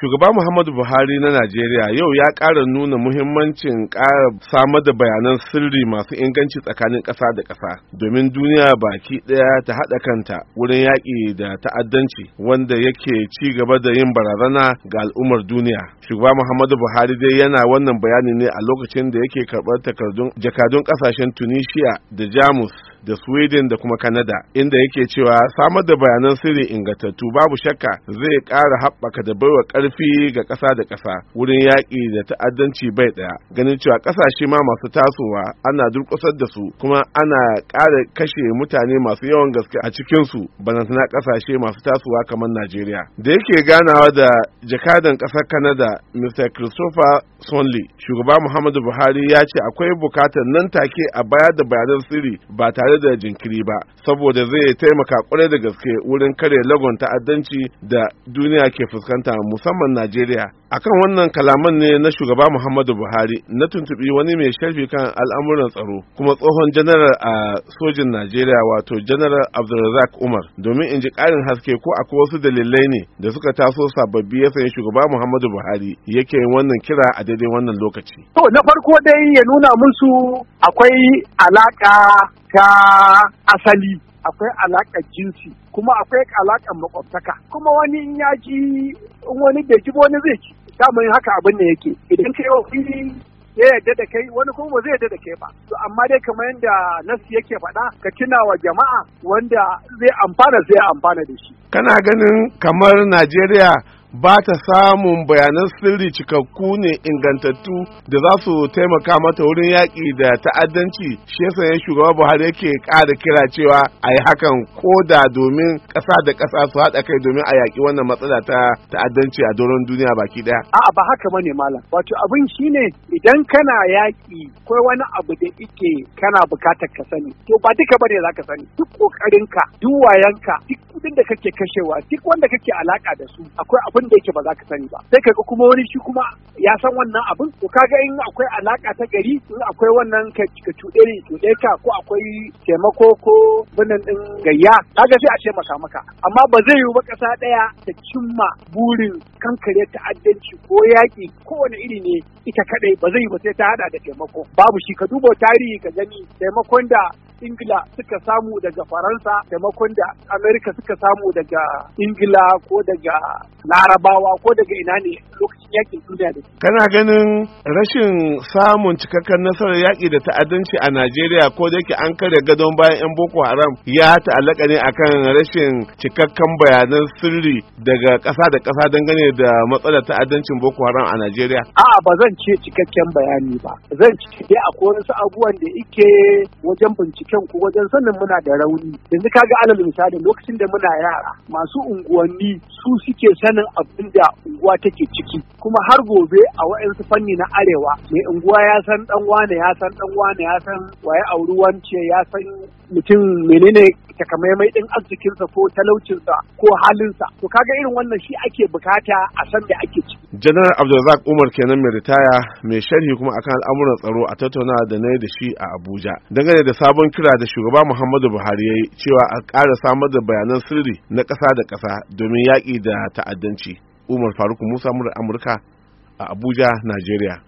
shugaba muhammadu buhari na najeriya yau ya ƙara nuna muhimmancin ƙara samar da bayanan sirri masu inganci tsakanin ƙasa da ƙasa domin duniya baki ɗaya ta haɗa kanta wurin yaƙi da ta'addanci wanda yake ci gaba da yin barazana ga al'ummar duniya shugaba muhammadu buhari dai yana wannan bayani ne a lokacin da yake karɓar takardun jakadun ƙasashen tunisia da jamus da sweden da kuma canada inda yake cewa samar da bayanan sirri ingantattu babu shakka zai ƙara haɓaka da baiwa ƙarfi ga ƙasa da ƙasa wurin yaƙi da ta'addanci bai ɗaya ganin cewa ƙasashe ma masu tasowa ana durƙusar da su kuma ana ƙara kashe mutane masu yawan gaske a cikinsu banantana ƙasashe masu tasowa kamar najeriya da yake ganawa da jakadan ƙasar canada mr christopher sonley shugaba muhammadu buhari ya ce akwai bukatar nan take a bayar da bayanan sirri ba tare tare da jinkiri ba saboda zai taimaka kwarai da gaske wurin kare lagon ta'addanci da duniya ke fuskanta musamman najeriya akan wannan kalaman ne na shugaba muhammadu buhari na tuntubi wani mai sharfi kan al'amuran tsaro kuma tsohon janaral a sojin najeriya wato janaral abdulrazak umar domin in ji karin haske ko akwai wasu dalilai ne da suka taso sababbi ya sanya shugaba muhammadu buhari yake wannan kira a daidai wannan lokaci to na farko dai ya nuna musu akwai alaka ta asali akwai alaƙar jinsi kuma akwai alakar makwabtaka kuma wani in ya ji wani bai ji wani zai ji daman haka abin ne yake idan kai wani ya yadda da kai wani kuma ba zai yadda da kai ba to amma dai kamar yadda nasu yake faɗa ka tuna wa jama'a wanda zai amfana zai amfana da shi kana ganin kamar Najeriya ba ta samun bayanan sirri cikakku ne ingantattu da za su taimaka mata wurin yaƙi da ta'addanci shi yasa ya shugaba buhari yake ƙara kira cewa a yi hakan ko da domin ƙasa da ƙasa su haɗa kai domin a yaƙi wannan matsala ta ta'addanci a doron duniya baki ɗaya. a'a ba haka bane malam wato abin ne, idan kana yaƙi ko wani abu da ike kana bukatar ka sani to ba duka bane za ka sani duk ƙoƙarinka duk wayanka wanda kake kashewa duk wanda kake alaka da su akwai abin da yake ba za ka sani ba sai kaga kuma wani shi kuma ya san wannan abin to kaga in akwai alaka ta gari in akwai wannan ka cuɗe ni cuɗe ka ko akwai taimako ko binin din gayya kaga sai a ce maka amma ba zai yiwu ba kasa ɗaya ta cimma burin kankare ta'addanci ko yaƙi kowane iri ne ita kaɗai ba zai yiwu ba sai ta haɗa da taimako babu shi ka duba tarihi ka gani taimakon da ingila suka samu daga faransa taimakon da amerika suka samu daga ingila ko daga larabawa ko daga ina ne lokacin yakin duniya ne kana ganin rashin samun cikakken nasarar yaƙi da ta'addanci a najeriya ko da yake an karya gadon bayan yan boko haram ya ta'allaka ne akan rashin cikakken bayanan sirri daga ƙasa da ƙasa dangane da matsalar ta'addancin boko haram a najeriya a'a ba zan ce cikakken bayani ba zan ce dai akwai wasu abubuwan da ike wajen bincike binciken ku wajen sanin muna da rauni yanzu ka ga alal misali lokacin da muna yara masu unguwanni su suke sanin abin da unguwa take ciki kuma har gobe a wa'ansu fanni na arewa mai unguwa ya san dan wane ya san dan wane ya san waye auri wance ya san mutum menene takamaimai din arzikinsa ko talaucinsa ko halinsa to kaga irin wannan shi ake bukata a san da ake ciki janar abdulrazak umar kenan mai ritaya mai sharhi kuma akan al'amuran tsaro a tattauna da na yi da shi a abuja dangane da sabon kira da shugaba muhammadu buhari ya yi cewa a ƙara samar da bayanan sirri na ƙasa da ƙasa domin yaƙi da ta'addanci umar faruk musa murar amurka a abuja najeriya